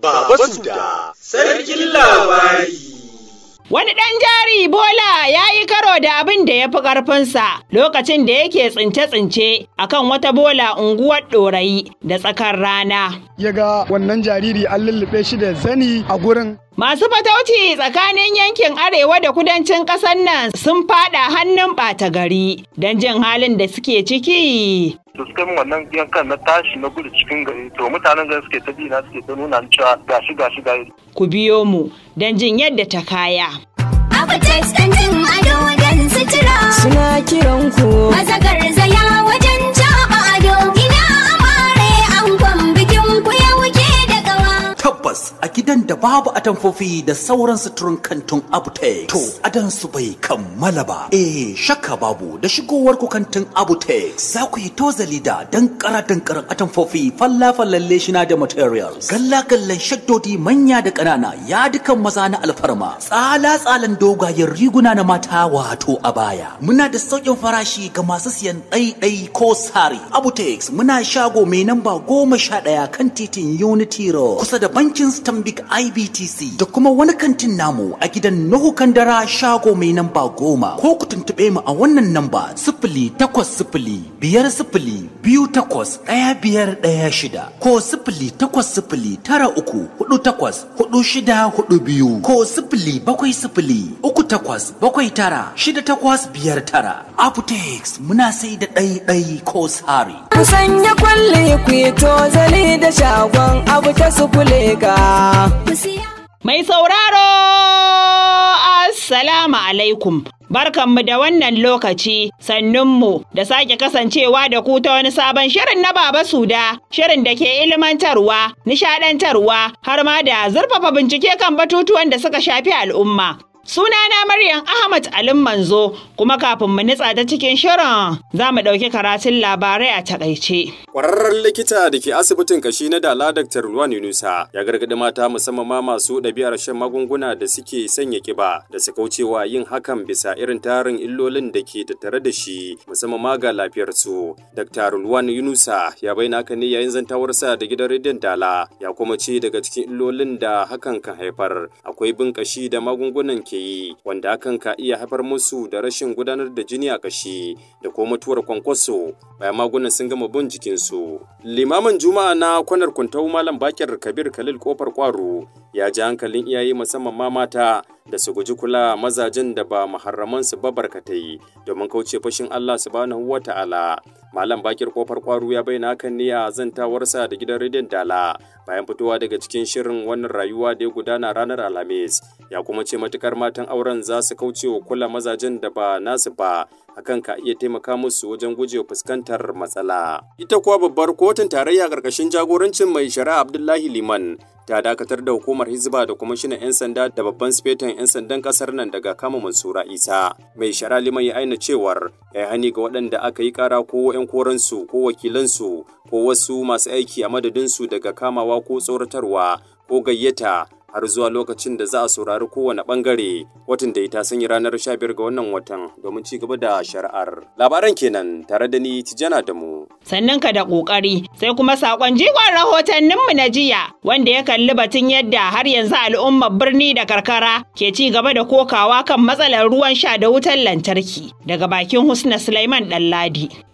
Baba Suda, sarkin labari. Wani ɗan jari Bola ya yi karo da abin da ya fi ƙarfinsa lokacin da yake tsince-tsince a kan wata bola unguwar ɗorayi da tsakar rana. Ya ga wannan jariri an lullube shi da zani a gurin Masu fatauci tsakanin yankin arewa da kudancin ƙasar nan sun fada hannun ɓata gari don jin halin da suke ciki. da suka min wannan yankan na tashi na gudu cikin gari to mutanen gari suke ta na suke ta nuna cewa gashi gashi gashi. Ku biyo mu don jin yadda ta kaya. Abu ado wajen sutura. Suna kiran ku. Mazagar zaya wajen Tabbas a gidan da babu atamfofi da sauran suturin kantin Abutex. To adansu bai kammala ba. Eh shakka babu da shigowar ku kantin Abutex. Za ku yi tozali da dankara dankaran atamfofi falla-fallan leshina da materials. Galla-gallan shaddodi manya da ƙanana ya dukan maza na alfarma. Tsala-tsalan dogayen riguna na mata wato a baya. Muna da sauƙin farashi ga masu siyan ɗaiɗai ko sari. Abutex muna shago mai namba goma sha ɗaya kan titin Unity Road kusa da bankin kantin stambik IBTC da kuma wani kantin namu a gidan Nuhu Kandara shago mai namba goma ko ku tuntuɓe mu a wannan namba sifili takwas sifili biyar sifili biyu takwas ɗaya biyar ɗaya shida ko sifili takwas sifili tara uku hudu takwas hudu shida hudu biyu ko sifili bakwai sifili uku takwas bakwai tara shida takwas biyar tara. Apotex muna sai da ɗai-ɗai ko sari. An sanya kwalle ku yi tozali da shagon abu ta sifili ga. Mai sauraro, Assalamu alaikum. Barkanmu da wannan lokaci sannunmu da sake kasancewa da ku ta wani sabon shirin na Baba Suda, shirin da ke ilmantarwa, nishadantarwa, har ma da zurfafa bincike kan batutuwan da suka shafi al'umma. Sunana Maryam Ahmad Alin Manzo kuma kafin mu nitsa ta cikin shirin za mu ɗauki karatun labarai a takaice. Ƙwararren likita da ke asibitin kashi na Dala Dr. Ruwan Yunusa ya gargaɗi mata musamman ma masu ɗabi'ar shan magunguna da suke sanya kiba da su kaucewa yin hakan bisa irin tarin illolin da ke tattare da shi musamman ma ga lafiyarsu. Dr. Ruwan Yunusa ya bayyana haka ne yayin sa da gidan rediyon Dala ya kuma ce daga cikin illolin da hakan kan haifar akwai bin kashi da magungunan ke yi wanda hakan ka iya haifar musu da rashin gudanar da jini a kashi da kuma mutuwar kwankwaso bayan magunan sun gama bin jikinsu. Limamin Juma'a na kwanar kuntau Malam Bakir Kabir Khalil Kofar Kwaro ya ji hankalin iyaye musamman ma mata da su guji kula mazajen da ba maharramansu ba barkatai domin kauce fashin Allah subhanahu wa ta'ala. Malam Bakir Kofar Kwaru ya bayyana hakan ne a warsa da gidan rediyon Dala bayan fitowa daga cikin shirin wannan rayuwa da ya gudana ranar Alhamis. Ya kuma ce matukar matan auren za su kauce wa kula mazajen da ba nasu ba hakan ka iya taimaka musu wajen gujewa fuskantar matsala. Ita kuwa babbar kotun tarayya ƙarƙashin jagorancin mai shari'a Abdullahi Liman ta dakatar da hukumar hizba da kwamishinan 'yan sanda da babban sifetan 'yan sandan ƙasar nan daga kama mansura isa mai shara liman ya aina cewar ya yi hani ga waɗanda aka yi kara ko 'yan koransu ko wakilansu ko wasu masu aiki a madadinsu daga kamawa ko tsoratarwa ko gayyata har zuwa lokacin da za a saurari kowane bangare watan da ita sun yi ranar 15 ga wannan watan domin ci gaba da shari'ar. Labaran kenan tare da ni Tijana da mu. Sannan ka da kokari sai kuma sakon jigon rahotanninmu na jiya wanda ya kalli batun yadda har yanzu al'ummar birni da karkara ke ci gaba da kokawa kan matsalar ruwan sha da wutar lantarki daga bakin Husna Sulaiman Ɗanladi.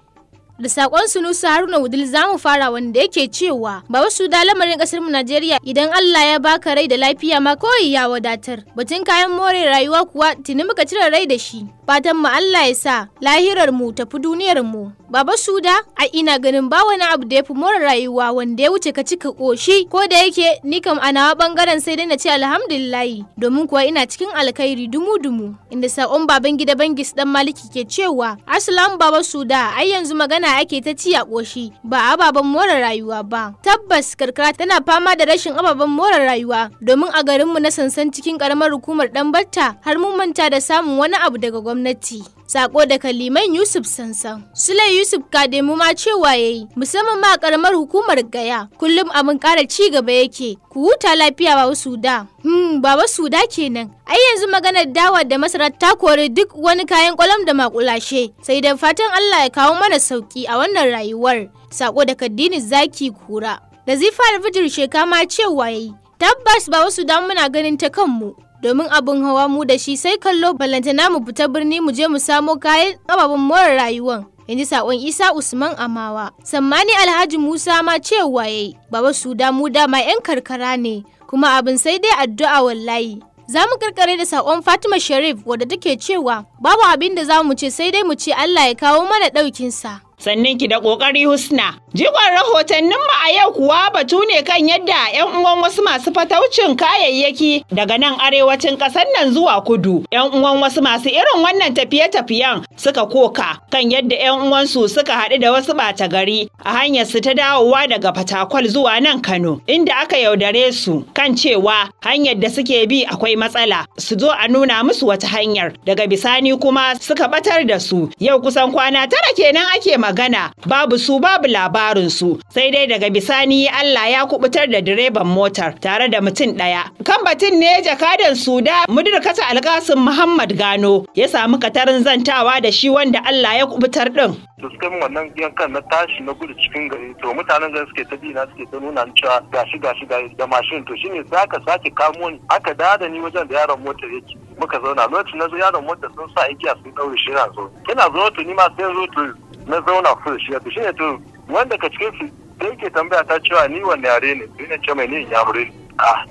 Da sakon Sunusu Haruna Wudil za mu fara wanda yake cewa ba wasu da lamarin kasar mu Najeriya idan Allah ya baka rai da lafiya ma kawai ya wadatar. Batun kayan more rayuwa kuwa tuni muka cire rai da shi. Fatan mu Allah ya sa lahirar mu tafi duniyar mu. Baba Suda a ina ganin ba wani abu da ya fi more rayuwa wanda ya wuce ka cika koshi ko da yake ni kam a nawa bangaren sai dai na ce alhamdulillahi domin kuwa ina cikin alkhairi dumu-dumu inda sakon baban gida bangis dan maliki ke cewa assalamu baba Suda ai yanzu magana yana ake ta ci a ƙoshi ba ababen more rayuwa ba. Tabbas karkara tana fama da rashin ababen more rayuwa domin a garinmu na sansan cikin ƙaramar hukumar batta har mu manta da samun wani abu daga gwamnati. Sako da Kaliman Yusuf Sansan. Sule Yusuf Kademu ma cewa ya yi. musamman ma karamar hukumar Gaya kullum abin kara ci gaba yake. Ku huta lafiya ba wasu da. Hmm, baba suda kenan. Ai yanzu maganar dawa da masarar ta kori duk wani kayan kwalam da makulashe. Sai da fatan Allah ya kawo mana sauki a wannan rayuwar. Sako da kaddini Zaki Kura. Da zifa da fitir shekama cewa yi. Tabbas ba wasu da muna ganin ta kanmu. domin abin hawa mu da shi sai kallo na mu fita birni mu je mu samo kayan ababen more rayuwan Yanzu saƙon sakon isa usman amawa sammani alhaji musa ma cewa ya yi. baba su damu dama yan karkara ne kuma abin sai dai addu'a wallahi za mu karkare da sakon fatima sharif wadda take cewa babu abin da za mu ce sai dai mu ce allah ya kawo mana ɗaukinsa. Sannan ki da ƙoƙari Husna. Jigon rahotannin mu a yau kuwa batu ne kan yadda 'yan uwan wasu masu fataucin kayayyaki daga nan arewacin ƙasan nan zuwa kudu. 'Yan uwan wasu masu irin wannan tafiye-tafiyen suka koka kan yadda 'yan uwansu suka haɗu da wasu ɓata gari a hanyar su ta dawowa daga Fatakwal zuwa nan Kano inda aka yaudare su kan cewa hanyar da suke bi akwai matsala su zo a nuna musu wata hanyar daga bisani kuma suka batar da su yau kusan kwana tara kenan ake magana babu su babu labarin su sai dai daga bisani Allah ya kubutar da direban motar tare da mutum ɗaya kan batun ne jakadan suda mudir kasa alkasin Muhammad Gano ya samu katarin zantawa da shi wanda Allah ya kubutar din suskan wannan yankan na tashi na gudu cikin gari to mutanen gari suke ta bi na suke ta nuna cewa gashi gashi da mashin to shine sai aka sake kamo ni aka dada ni wajen da yaron motar yake muka zauna lokacin na zo yaron motar sun sa igiya sun daure shi na zo ina zo to ni ma sai zo to na zauna kusa da shi ya shi ne to wanda ka cikin su da yake tambaya ta cewa ni wanne yare ne ni na ce mai ni ya ne ah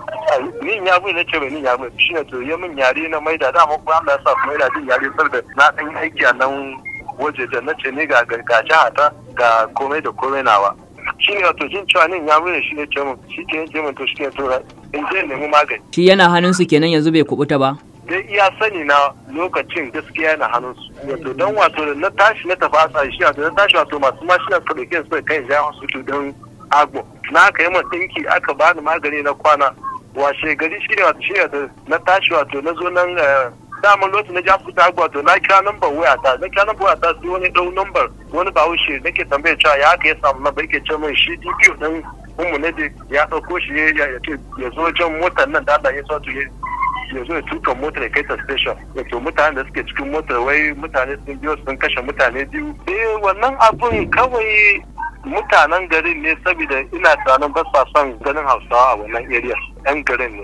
ni ya yamure ne ce mai ni ya yamure shi ne to ya min yare na mai da dama ko Allah ya sa mai da jin yare da na dan aiki a nan waje da na ce ni ga ga ta ga komai da komai nawa shi ne wato jin cewa ni ya mune shi ne ce mun shi ke ce mun to shi ke to in je nemi magani shi yana hannun su kenan yanzu bai kubuta ba dai iya sani na lokacin gaskiya na hannun su wato don wato na tashi na tafi asa shi wato na tashi wato masu mashina suka dauke su kai ja hospital don agbo na aka yi dinki aka bani magani na kwana washe gari shi ne wato shi wato na tashi wato na zo nan eh, daman lokacin na ja fita agbo wato na kira nambar waya ta na kira nambar waya ta sai wani dau nambar wani na ke tambaye cewa ya aka ya samu nambar yake ce min shi DPO din umu ne ya dauko shi ya ce ya zo jan motar nan da Allah ya sa to Yanzu zo tukan tuka motar ya kai ta station wato mutanen da suke cikin motar wai mutane sun biyo sun kashe mutane biyu eh wannan abun kawai mutanen garin ne saboda ina tunanin ba sa son ganin hausawa a wannan area yan garin ne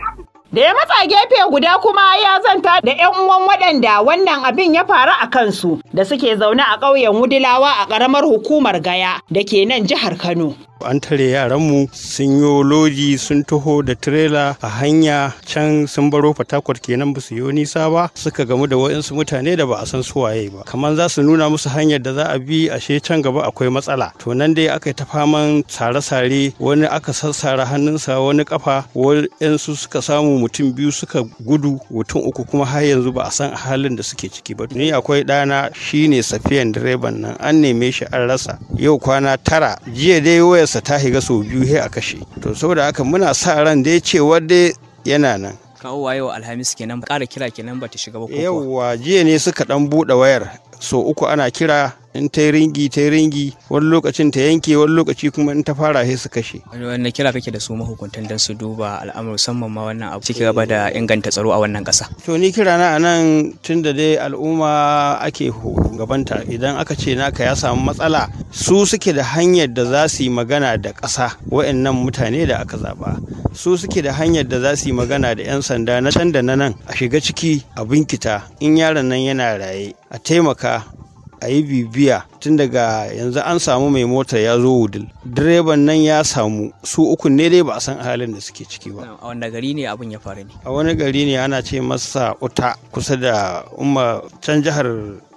da ya matsa gefe guda kuma ya zanta da 'yan uwan waɗanda wannan abin ya faru a kansu da suke zaune a ƙauyen wudilawa a ƙaramar hukumar gaya da ke nan jihar kano an tare yaranmu sun yi lodi sun taho da tirela a hanya can sun baro fatakwar kenan ba su yi nisa ba suka gamu da waɗansu mutane da ba a san su waye ba kamar za su nuna musu hanyar da za a bi ashe can gaba akwai matsala to nan dai aka yi ta faman sare-sare wani aka sassara hannunsa wani kafa waɗansu suka samu mutum biyu suka gudu mutum uku kuma har yanzu ba a san halin da suke ciki ba ni akwai ɗana shine safiyan direban nan an neme shi an rasa yau kwana tara jiya dai waya wayarsa ta shiga sau biyu sai a kashe to saboda haka muna sa ran dai cewa dai yana nan kawo waye wa alhamis kenan ƙara kira kenan ba ta shiga ba yawwa jiya ne suka dan buɗe wayar so uku ana kira in ta ringi ta ringi wani lokacin ta yanke wani lokaci kuma in ta fara sai su kashe wanda kira kake da su mahukuntan don su duba al'amur musamman ma wannan abu ciki gaba da inganta tsaro a wannan kasa to ni kira na anan tun da dai al'umma ake gabanta idan aka ce naka ya samu matsala su suke da hanyar da za su yi magana da kasa wa'annan mutane da aka zaba su suke da hanyar da za su yi magana da 'yan sanda na can da na nan a shiga ciki a binkita in yaron nan yana raye a taimaka a yi bibiya tun daga yanzu an samu mai motar ya zo wudil direban nan ya samu su uku ne dai ba a san halin da suke ciki ba a wani gari ne abin ya faru ne a wani gari ne ana ce masa uta kusa da umma can jihar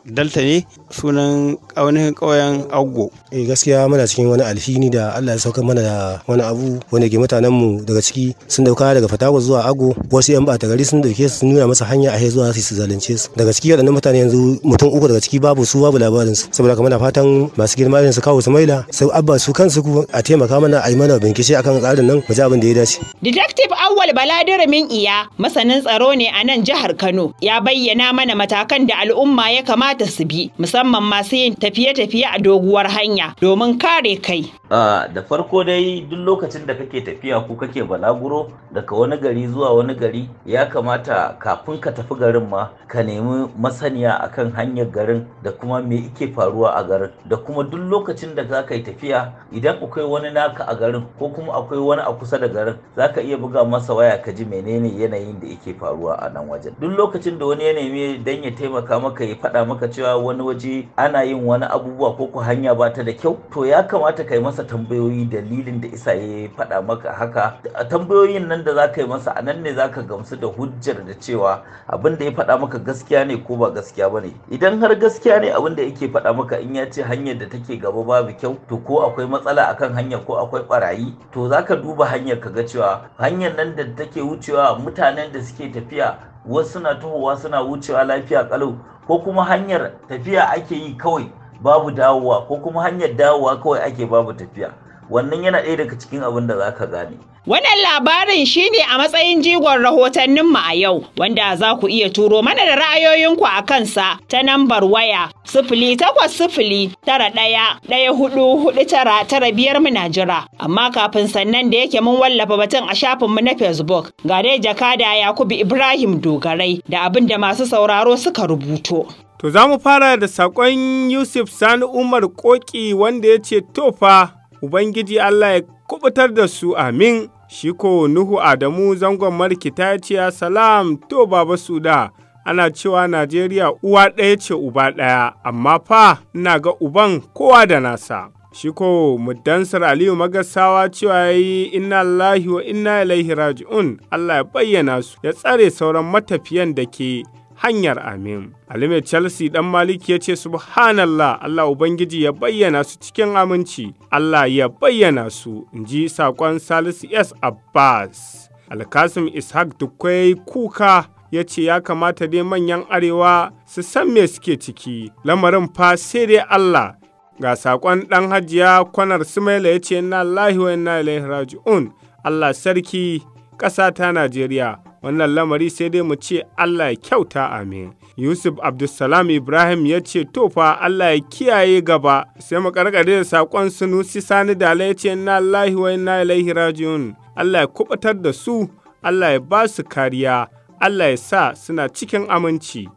Delta ne sunan ainihin ƙauyen Aggo. Eh gaskiya muna cikin wani alhini da Allah ya sauka mana da wani abu wanda ke mutanen mu daga ciki sun dauka daga Fatawa zuwa Aggo wasu yan bata gari sun dauke su nuna masa hanya a zuwa su zalunce su. Daga ciki waɗannan mutane yanzu mutum uku daga ciki babu su babu labarin su saboda kamar da fatan masu girma su kawo su maila sai abba su kansu a taimaka mana a yi mana bincike akan tsarin nan mu abin da ya dace. Detective Awwal Baladirimin Iya masanin tsaro ne a nan jihar Kano ya bayyana mana matakan da al'umma ya kamata kamata su bi musamman masu yin tafiye-tafiye a doguwar hanya domin kare kai. da farko dai duk lokacin da kake tafiya ko kake balaguro daga wani gari zuwa wani gari ya kamata kafin ka tafi garin ma ka nemi masaniya akan hanyar garin da kuma me ike faruwa a garin da kuma duk lokacin da za ka yi tafiya idan akwai wani naka a garin ko kuma akwai wani a kusa da garin za ka iya buga masa waya ka ji menene yanayin da yake faruwa a nan wajen duk lokacin da wani ya nemi dan ya taimaka maka ya faɗa maka ka cewa wani waje ana yin wani abubuwa ko ku hanya ba ta da kyau to ya kamata ka yi masa tambayoyi dalilin da isa ya faɗa maka haka a tambayoyin nan da za ka yi masa a nan ne za ka gamsu da hujjar da cewa abin da ya faɗa maka gaskiya ne ko ba gaskiya ba ne idan har gaskiya ne abin da yake faɗa maka in ya ce hanyar da take gaba babu kyau to ko akwai matsala akan hanyar ko akwai barayi to za ka duba hanyar ka ga cewa hanyar nan da take wucewa mutanen da suke tafiya wasu na tahowa suna wucewa lafiya kalau ko kuma hanyar tafiya ake yi kawai babu dawowa ko kuma hanyar dawowa kawai ake babu tafiya wannan yana ɗaya daga cikin abin da za ka gane. Wannan labarin shi ne a matsayin jigon rahotanninmu a yau, wanda za ku iya turo mana da ra'ayoyinku a kansa ta nambar waya sifili takwas sifili tara ɗaya ɗaya hudu hudu tara tara biyar mu na jira. Amma kafin sannan da yake mun wallafa batun a shafinmu na Facebook ga dai jakada Yakubu Ibrahim Dogarai da abin da masu sauraro suka rubuto. To za mu fara da saƙon Yusuf Sani Umar Koki wanda ya ce tofa Ubangiji Allah ya kubutar da su amin, shi ko Nuhu Adamu zangon markita ce salam to baba suda. Ana cewa Najeriya uwa ɗaya ce uba ɗaya, amma fa ina ga uban kowa da nasa. Shi ko muddansar Aliyu Magasawa cewa ya yi inna Allahi wa inna ilaihi raji'un Allah ya bayyana su ya tsare sauran matafiyan da ke hanyar amin. Alimet Chelsea ɗan Maliki ya ce subhanallah Allah Ubangiji ya bayyana su cikin aminci, Allah ya bayyana su, in ji saƙon Salisu S. Abbas. Alkasim Ishaq Dukwai kuka ya ce ya kamata dai manyan arewa su san me suke ciki, lamarin fa sai dai Allah. Ga saƙon ɗan hajiya kwanar Sumaila ya ce na lahi wa ilaihi raji'un Allah sarki ƙasa ta Najeriya wannan lamari sai dai mu ce Allah ya kyauta amin. Yusuf Abdulsalam Ibrahim ya ce to fa Allah ya kiyaye gaba sai mu karkare da saƙon Sunusi Sani Dala ya ce inna Allahi wa inna ilaihi raji'un. Allah ya kubatar da su, Allah ya ba su kariya, Allah ya sa suna cikin aminci.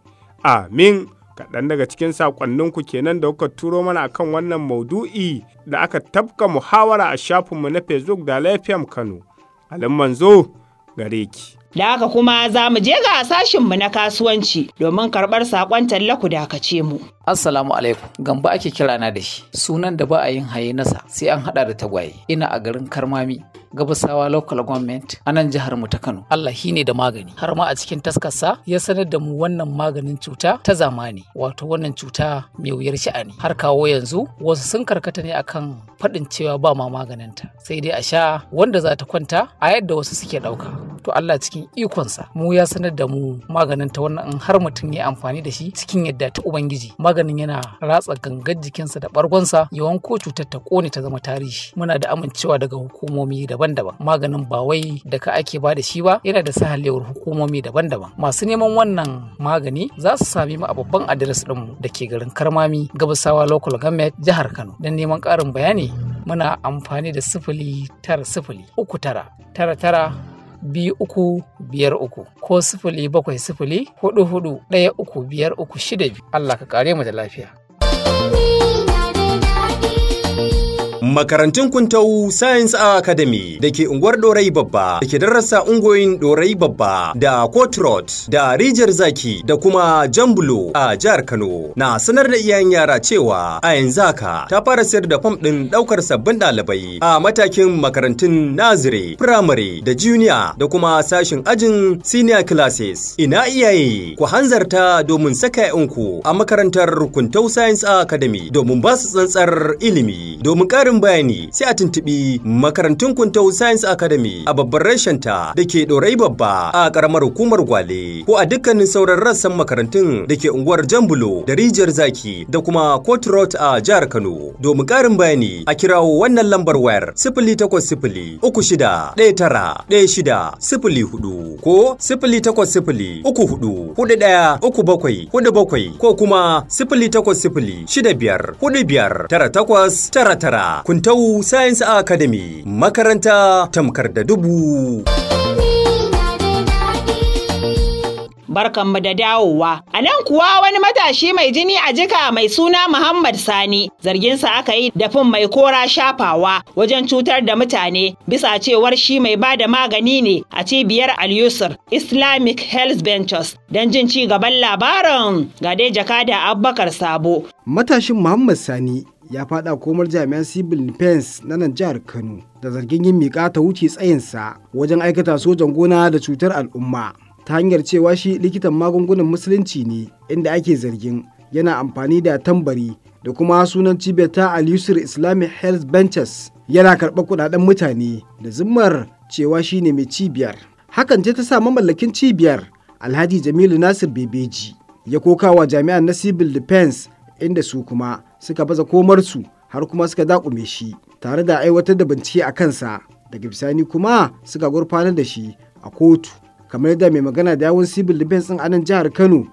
Amin. kaɗan daga cikin saƙonninku kenan da kuka turo mana akan wannan maudu'i da aka tafka muhawara a shafinmu na facebook da lafiyam kano alin manzo gare ki. Da haka kuma za mu je ga sashenmu na kasuwanci domin karɓar saƙon talla ku ce mu. Assalamu alaikum, gamba ake kira na da shi, sunan da ba a yin haye nasa sai an hada da tagwaye, ina a garin Karmami, Gabasawa Local Government a nan jihar mu ta Kano. Allah shi ne da magani, har ma a cikin taskarsa ya sanar da mu wannan maganin cuta ta zamani, wato wannan cuta mai wuyar sha'ani. Har kawo yanzu wasu sun karkata ne akan faɗin cewa ba ma maganinta, sai dai a sha wanda za ta kwanta a yadda wasu suke ɗauka. to Allah cikin ikonsa mu ya sanar da mu maganin ta wannan har mutum ya amfani da shi cikin yadda ta Ubangiji. Maganin maganin yana ratsa gangar jikinsa da bargonsa yawan ko cutar ta kone ta zama tarihi muna da amincewa daga hukumomi daban-daban maganin ba wai da ka ake ba da shi ba yana da sahalewar hukumomi daban-daban masu neman wannan magani za su sami mu a babban adres ɗinmu da ke garin karmami gabasawa local government jihar kano don neman ƙarin bayani muna amfani da sifili tara sifili uku tara tara tara biyu uku biyar uku ko sifili bakwai sifili hudu hudu ɗaya uku biyar uku shida biyu Allah ka kare mu da lafiya. Makarantun Kuntau Science Academy da ke unguwar Dorai Babba da ke darasa ungoyin Dorai Babba da kotrot da Rijiyar Zaki da kuma Jambulo a jihar Kano na sanar da iyayen yara cewa a yanzu haka ta fara sayar da fam ɗin ɗaukar sabbin ɗalibai a matakin makarantun Nazire, Primary da Junior da kuma sashin ajin Senior Classes. Ina iyaye ku hanzarta domin saka ku a makarantar Kuntau Science Academy domin ba su tsantsar ilimi domin ƙarin bayani sai a tuntubi makarantun Kuntau Science Academy a babbar rashenta da ke ɗorai babba a ƙaramar hukumar Gwale ko a dukkanin sauran rassan makarantun da ke unguwar Jambulo da Rijiyar Zaki da kuma Court Road a jihar Kano. Domin ƙarin bayani a kirawo wannan lambar wayar sifili takwas sifili uku shida ɗaya tara ɗaya shida sifili huɗu ko sifili takwas sifili uku huɗu huɗu ɗaya uku bakwai huɗu bakwai ko kuma sifili takwas sifili shida biyar huɗu biyar tara takwas tara tara Kuntau Science Academy makaranta tamkar da dubu. barkanmu da dawowa. A nan kuwa wani matashi mai jini a jika mai suna Muhammad Sani zarginsa aka yi da fin mai kora shafawa wajen cutar da mutane bisa cewar shi mai ba da magani ne a cibiyar Al-Yusr Islamic Health Ventures don jin ci gaban labarin ga dai jakada Abubakar Sabo. Matashin Muhammad Sani ya fada komar jami'an civil defense na nan jihar kano da zargin yin miƙa ta wuce tsayinsa wajen aikata sojan gona da cutar al'umma ta hanyar cewa shi likitan magungunan musulunci ne inda ake zargin yana amfani da tambari da kuma sunan cibiyar ta al islamic health benches yana karɓar kuɗaɗen mutane da zimmar cewa shi ne mai cibiyar hakan ce ta sa mamallakin cibiyar alhaji jamilu nasir bebeji ya kokawa jami'an na civil defense inda su kuma suka baza komarsu har kuma suka dakume shi tare da aiwatar da bincike a kansa daga bisani kuma suka gurfanar da shi a kotu kamar yadda mai magana da yawon civil defense ɗin anan jihar kano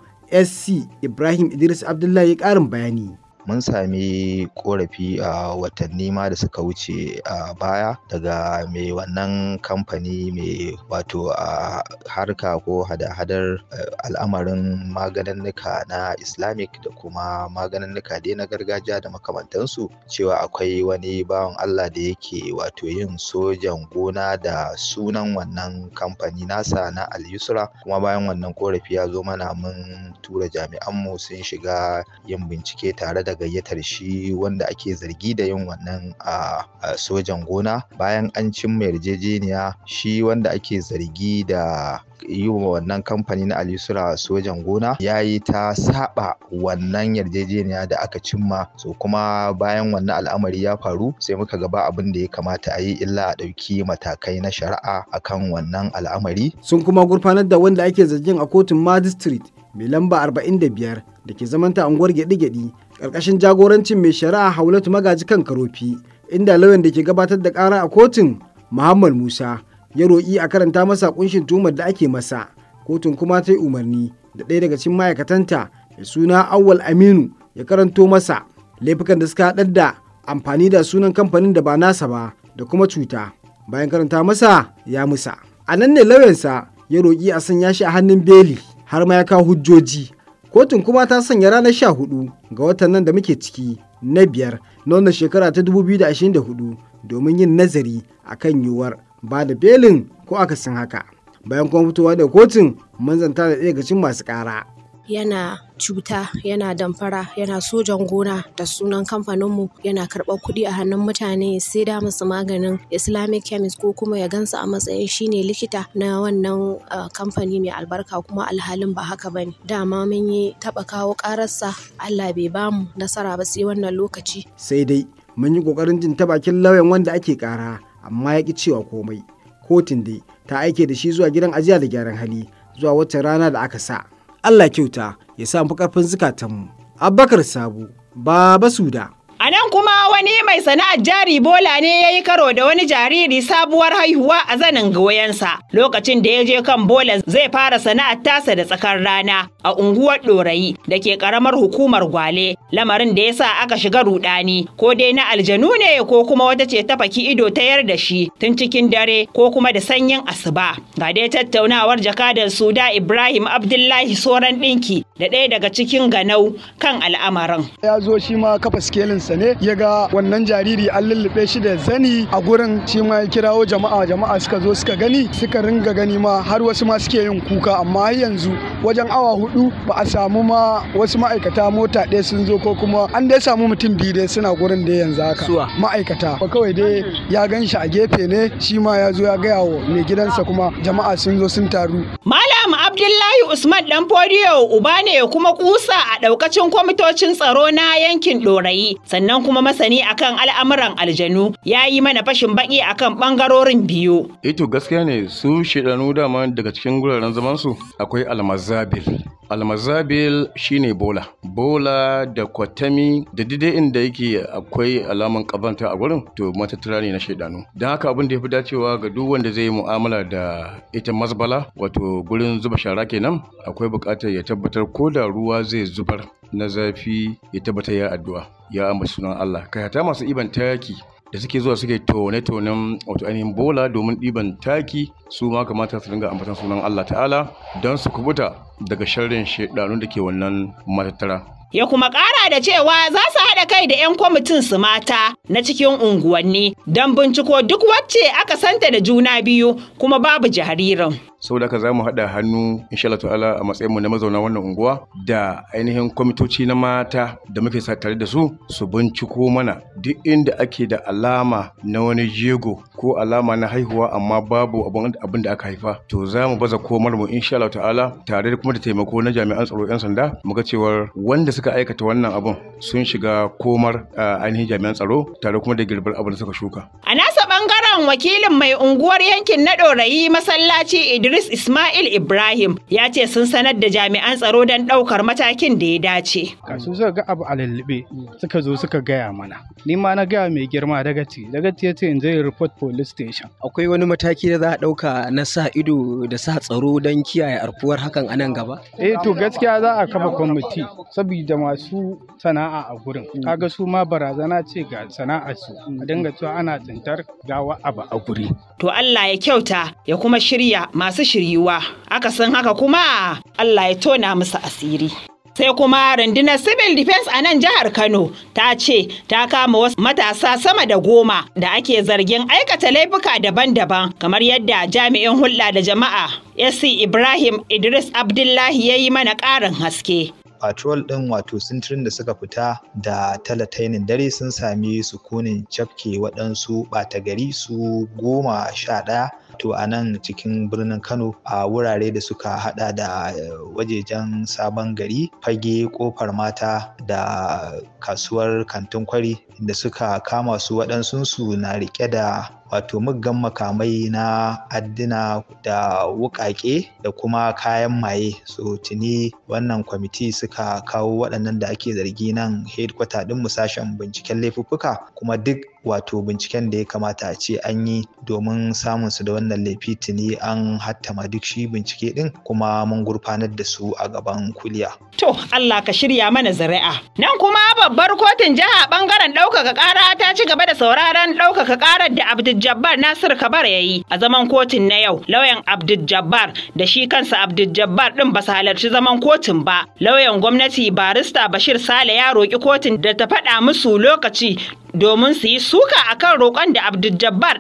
sc ibrahim idris abdullahi karin bayani mun sami korafi a watanni ma da suka wuce a baya daga mai wannan kamfani mai wato a harka ko hada-hadar eh, al'amarin maganinnika na islamic da kuma maganinnika dai na gargajiya da makamantansu cewa akwai wani bawan allah da yake wato yin sojan gona da sunan wannan kamfani nasa na al-yusra kuma bayan wannan korafi ya zo mana mun tura jami'an mu sun shiga yin bincike tare da gayyatar shi wanda ake zargi da yin wannan a sojan gona bayan an cimma yarjejeniya shi wanda ake zargi da yi wa wannan kamfani na alisura sojan gona ya yi ta saba wannan yarjejeniya da aka cimma so kuma bayan wannan al'amari ya faru sai muka gaba abin da ya kamata a yi illa a ɗauki matakai na shari'a akan wannan al'amari sun kuma gurfanar da wanda ake zargin a kotun magistrate mai lamba 45 da ke zamanta unguwar gyaɗi-gyaɗi. ƙarƙashin jagorancin mai shari'a haulatu magaji kan karofi inda lauyan da ke gabatar da ƙara a kotun muhammad musa ya roƙi a karanta masa kunshin tuhumar da ake masa kotun kuma ta yi umarni da ɗaya daga cikin ma'aikatanta da suna awwal aminu ya karanto masa laifukan da suka haɗar da amfani da sunan kamfanin da ba nasa ba da kuma cuta bayan karanta masa ya musa a nan ne lauyansa ya roƙi a sanya shi a hannun beli har ma ya kawo hujjoji Kotun kuma ta sanya ranar sha hudu ga watan nan da muke ciki na biyar na wannan shekara ta 2024 domin yin nazari a kan yiwuwar ba da belin ko akasin haka. Bayan kuma fitowa da kotun manzanta da ɗaya cin masu ƙara. yana cuta yana damfara yana sojan gona da sunan kamfaninmu yana karɓar kuɗi a hannun mutane sai da musu maganin islamic chemist ko kuma ya gansu a matsayin shine likita na wannan kamfani mai albarka kuma alhalin ba haka ba bane dama mun yi taɓa kawo ƙararsa allah bai bamu nasara ba sai wannan lokaci sai dai mun yi ƙoƙarin jin tabakin lauyan wanda ake ƙara amma ya ƙi cewa komai kotun dai ta aike da shi zuwa gidan ajiya da gyaran hali zuwa wata rana da aka sa Allah kyauta ya sa mu karfin zukatanmu. Abubakar Sabo, Baba Suda. A nan kuma wani mai sana'ar jari bola ne ya yi karo da wani jariri sabuwar haihuwa a zanin goyonsa lokacin da ya je kan bola zai fara sana'ar tasa da tsakar rana a unguwar Ɗorayi da ke karamar hukumar Gwale lamarin da ya sa aka shiga rudani ko dai na aljanu ne ko kuma wata ce ta faki ido ta yar da shi tun cikin dare ko kuma da sanyin asuba ga dai tattaunawar jakadar Suda Ibrahim Abdullahi Soran Dinki da ɗaya daga cikin ganau kan al'amarin. Ya zo shi ma kafa sa ne ya ga wannan jariri an lullube shi da zani a gurin shi ma ya kirawo jama'a jama'a suka zo suka gani suka ringa gani ma har wasu ma suke yin kuka amma yanzu wajen awa hudu ba a samu ma wasu ma'aikata mota ɗaya sun zo ko kuma an dai samu mutum biyu dai suna gurin da yanzu haka ma'aikata ba kawai dai ya gan shi a gefe ne shi ma ya zo ya gaya wa mai gidansa kuma jama'a sun zo sun taru. Malam Abdullahi Usman Danfodiyo uba ne kuma kusa a ɗaukacin kwamitocin tsaro na yankin ɗorayi, sannan kuma masani akan al'amuran aljanu ya yi mana fashin baki akan bangarorin biyu. Ito eh gaskiya ne su shedanu dama daga cikin guraren zamansu akwai almazabil almazabil shine bola bola da kwatami da dide inda yake akwai alaman kabanta a wurin, to matattara ne na shaidanu don haka abin da ya fi dacewa ga duk wanda zai yi mu'amala da ita mazbala wato gurin zuba shara kenan akwai buƙatar ya tabbatar ko da ruwa zai zubar na zafi ya tabbatar ya addu'a ya amma sunan Allah kai hata masu iban taki da suke zuwa suke tone-tonen wato ainihin bola domin ɗiban taki su ma kamata su dinga ambatan sunan Allah ta'ala don su kubuta daga sharrin shaidanun da ke wannan matattara. ya kuma ƙara da cewa za su haɗa kai da 'yan kwamitin su mata na cikin unguwanni don binciko duk wacce aka santa da juna biyu kuma babu jaririn. saboda haka za mu haɗa hannu insha Allah ta'ala a matsayin mu na mazauna wannan unguwa da ainihin kwamitoci na mata da muke tare da su su binciko mana duk inda ake da alama na wani jego ko alama na haihuwa amma babu abin da aka haifa to za mu baza komar mu insha Allah ta'ala tare da kuma da taimako na jami'an tsaro 'yan sanda muga cewar wanda suka aikata wannan abun sun shiga komar ainihin jami'an tsaro tare kuma da girbar abin da suka shuka a nasa bangare wannan wakilin mai unguwar yankin na ɗorayi masallaci Idris Ismail Ibrahim ya ce sun sanar da jami'an tsaro don ɗaukar matakin da ya dace. Kasu suka ga abu a lalluɓe suka zo suka gaya mana. Ni ma na gaya mai girma daga ce daga ce ce in je report police station. Akwai wani mataki da za a ɗauka na sa ido da sa tsaro don kiyaye arkuwar hakan a nan gaba? Eh to gaskiya za a kafa kwamiti saboda masu sana'a a gurin. Kaga su ma barazana ce ga sana'a su. A dinga cewa ana tsintar gawa abu a guri. To Allah ya kyauta ya kuma shirya masu shiryuwa, aka san haka kuma Allah ya tona musu asiri. sai kuma rundunar civil defense a nan jihar kano ta ce ta kama wasu matasa sama da goma da ake zargin aikata laifuka daban-daban kamar yadda jami'in hulɗa da jama'a sc ibrahim idris abdullahi ya yi mana ƙarin haske patrol ɗin wato sintirin da suka fita da talatainin dare sun sami sukunin cafke waɗansu ɓata gari su goma sha ɗaya Wato a nan cikin birnin kano a wurare da suka hada da eh, wajejen sabon gari fage kofar mata da kasuwar kantin kwari da suka kama su waɗansu su na riƙe da wato muggan makamai na addina da wukake da kuma kayan maye so tuni wannan kwamiti suka kawo waɗannan da ake zargi nan hedkwata ɗin mu sashen binciken laifuffuka kuma duk wato binciken da ya kamata a ce an yi domin samun su da wannan laifi tuni an hattama duk shi bincike din kuma mun gurfanar da su a gaban kuliya. To Allah ka shirya mana zari'a. Nan kuma babbar kotun jiha bangaren ɗaukaka kara ta ci gaba da sauraron ɗaukaka karar da Abdul Nasir Kabar ya yi a zaman kotun na yau. Lauyan Abdul Jabbar da shi kansa Abdul Jabbar din ba halarci zaman kotun ba. Lauyan gwamnati barista Bashir Sale ya roki kotun da ta faɗa musu lokaci domin su yi suka kan roƙon da Abdul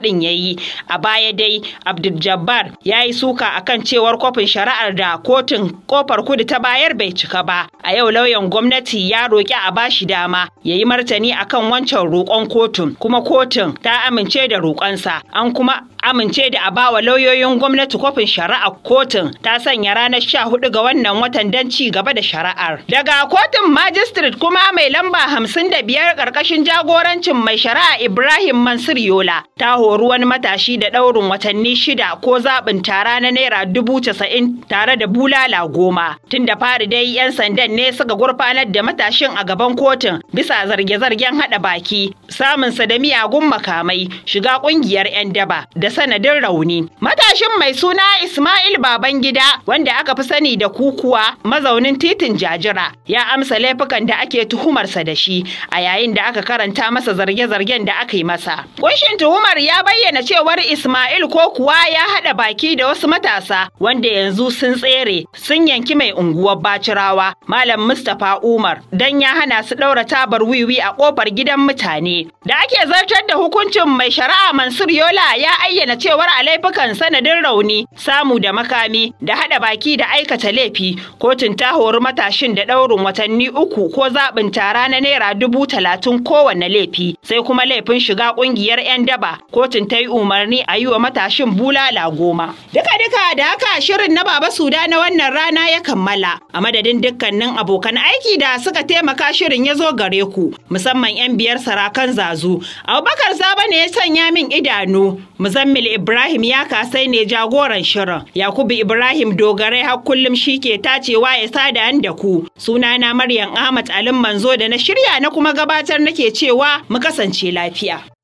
ɗin ya yi. A baya dai Abdul Jabbar ya yi suka akan cewar kofin shari'ar da kotun kofar kudu ta bayar bai cika ba. A yau lauyan gwamnati ya roƙi a bashi dama ya yi martani akan wancan roƙon kotun kuma kotun ta amince da roƙonsa an kuma amince da a bawa lauyoyin gwamnati kofin shari'a kotun ta sanya ranar sha hudu ga wannan watan don ci gaba da shari'ar. Daga kotun magistrate kuma mai lamba hamsin da biyar karkashin jagorancin mai shari'a Ibrahim Mansur Yola ta horu wani matashi da ɗaurin watanni shida ko zaɓin tara na naira dubu casa'in tare da bulala goma. Tun da fari dai 'yan sandan ne suka gurfanar da matashin a gaban kotun bisa zarge-zargen haɗa baki, samunsa da miyagun makamai, shiga ƙungiyar 'yan daba da sanadin rauni. Matashin mai suna Ismail Babangida wanda aka fi sani da kukuwa mazaunin titin Jajira ya amsa laifukan da ake tuhumarsa da shi a yayin da aka karanta masa zarge-zargen da aka yi masa. Kunshin tuhumar ya bayyana cewar Ismail ko kuwa ya haɗa baki da wasu matasa wanda yanzu sun tsere sun yanki mai unguwar Bacirawa Malam Mustapha Umar dan ya hana su ɗaura tabar wiwi a ƙofar gidan mutane. Da ake zartar da hukuncin mai shari'a Mansur Yola ya ayyana bayyana cewar a laifukan sanadin rauni samu da makami da haɗa baki da aikata laifi kotun ta hori matashin da ɗaurin watanni uku ko zaɓin tara na naira dubu talatin kowanne laifi sai kuma laifin shiga ƙungiyar 'yan daba kotun ta yi umarni a yi wa matashin bulala goma. Duka duka da haka shirin na Baba Suda na wannan rana ya kammala a madadin dukkanin abokan aiki da suka taimaka shirin ya zo gare ku musamman 'yan biyar sarakan zazu. Abubakar Saba ne ya sanya min idanu Muzammil Ibrahim ya kasai ne jagoran shirin. Yakubu Ibrahim dogarai har kullum shi ke tacewa ya sada an da ku. Sunana Maryam Ahmad Alim Manzo da na shirya na kuma gabatar nake cewa mu kasance lafiya.